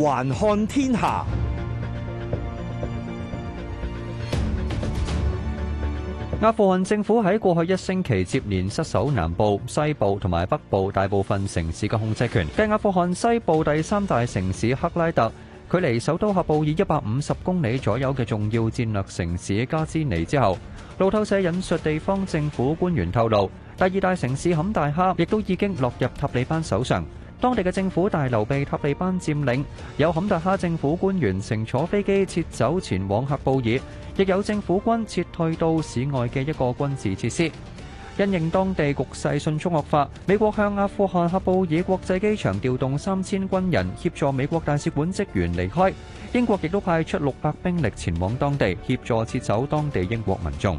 環看天下。阿富汗政府喺過去一星期接連失守南部、西部同埋北部大部分城市嘅控制權。繼阿富汗西部第三大城市赫拉特，距離首都喀布爾以一百五十公里左右嘅重要戰略城市加茲尼之後，路透社引述地方政府官員透露，第二大城市坎大哈亦都已經落入塔利班手上。當地嘅政府大樓被塔利班佔領，有坎大哈政府官員乘坐飛機撤走前往喀布爾，亦有政府軍撤退到市外嘅一個軍事設施。因應當地局勢迅速惡化，美國向阿富汗喀布爾國際機場調動三千軍人協助美國大使館職員離開，英國亦都派出六百兵力前往當地協助撤走當地英國民眾。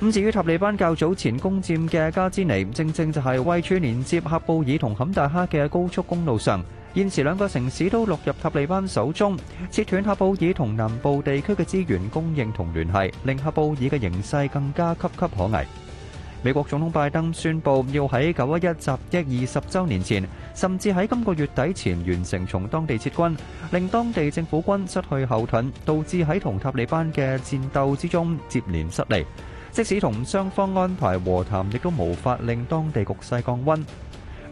咁至於塔利班較早前攻佔嘅加茲尼正正就係位處連接喀布爾同坎大哈嘅高速公路上，現時兩個城市都落入塔利班手中，切斷喀布爾同南部地區嘅資源供應同聯繫，令喀布爾嘅形勢更加岌岌可危。美國總統拜登宣布要喺911襲擊二十周年前甚至喺今個月底前完成從當地撤軍，令當地政府軍失去後盾，導致喺同塔利班嘅戰鬥之中接連失利，即使同雙方安排和談，亦都無法令當地局勢降溫。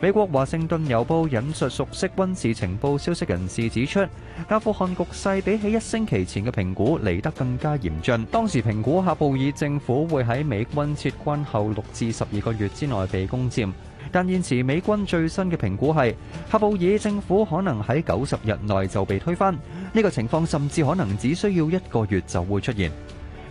美國華盛頓郵報引述熟悉軍事情報消息人士指出，阿富汗局勢比起一星期前嘅評估嚟得更加嚴峻。當時評估喀布爾政府會喺美軍撤軍後六至十二個月之內被攻佔，但現時美軍最新嘅評估係喀布爾政府可能喺九十日內就被推翻。呢個情況甚至可能只需要一個月就會出現。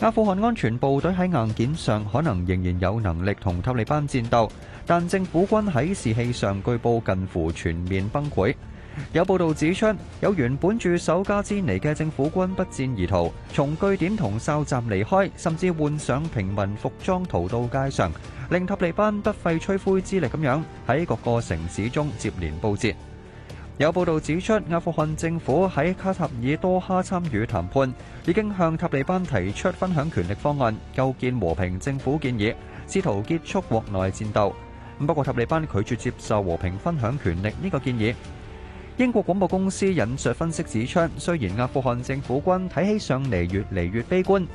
阿富汗安全部隊喺硬件上可能仍然有能力同塔利班戰鬥，但政府軍喺士氣上據報近乎全面崩潰。有報道指出，有原本駐守加茲尼嘅政府軍不戰而逃，從據點同哨站離開，甚至換上平民服裝逃到街上，令塔利班不費吹灰之力咁樣喺各個城市中接連報捷。有報道指出，阿富汗政府喺卡塔爾多哈參與談判，已經向塔利班提出分享權力方案、構建和平政府建議，試圖結束國內戰鬥。不過塔利班拒絕接受和平分享權力呢個建議。英國廣播公司引述分析指出，雖然阿富汗政府軍睇起上嚟越嚟越悲觀。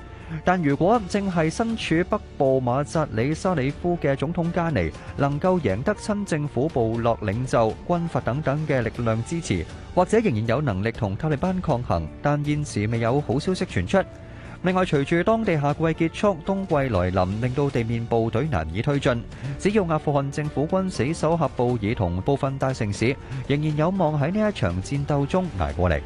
但如果正係身處北部馬扎里沙里夫嘅總統加尼能夠贏得親政府部落領袖、軍閥等等嘅力量支持，或者仍然有能力同塔利班抗衡，但現時未有好消息傳出。另外，隨住當地夏季結束、冬季來臨，令到地面部隊難以推進。只要阿富汗政府軍死守喀布爾同部分大城市，仍然有望喺呢一場戰鬥中捱過嚟。